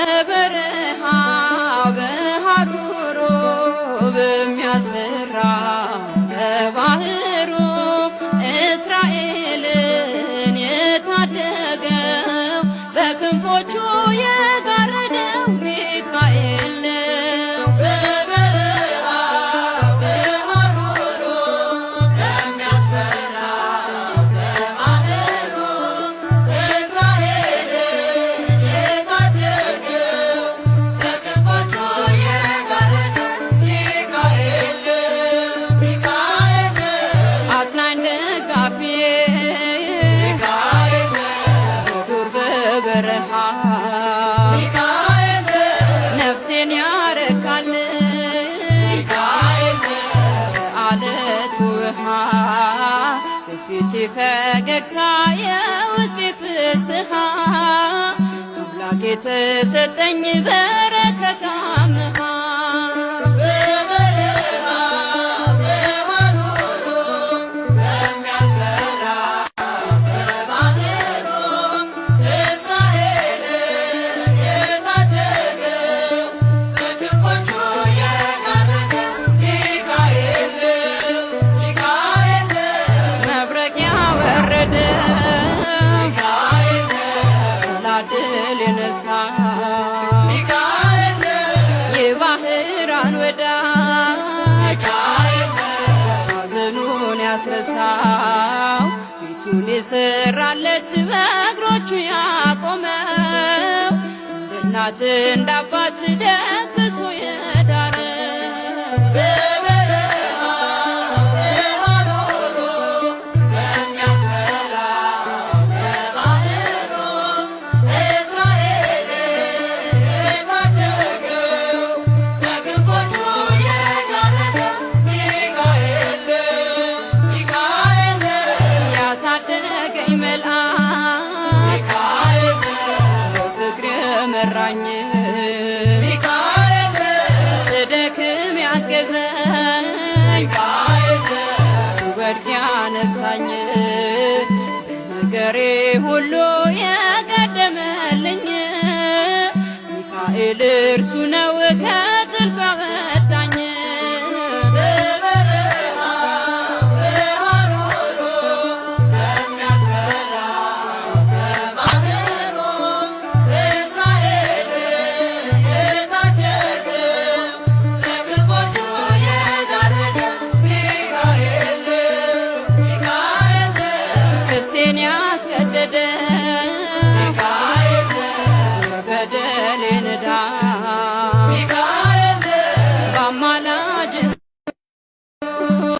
በበረሃ በሀሩሮ በሚያስፈራ በባህሩ እስራኤልን የታደገው በክንፎቹ የ በረሃ ነፍሴን ያረካል አለች ውሃ በፊቴ ፈገግታ የውስጤ ፍስሃ አምላክ የተሰጠኝ በረከታ አንበሳ የባህራን ወዳጅ ሐዘኑን ያስረሳው ቤቱን የሰራለት በእግሮቹ ያቆመው እንደ እናት እንደ አባት ደግሶ የዳ የመራኝ ስደክም ያገዘኝ ሚካኤል ስወድቅ ያነሳኝ ነገሬ ሁሉ የቀደመልኝ ሚካኤል እርሱ ነው ከ ነፍሴን ያስገደደ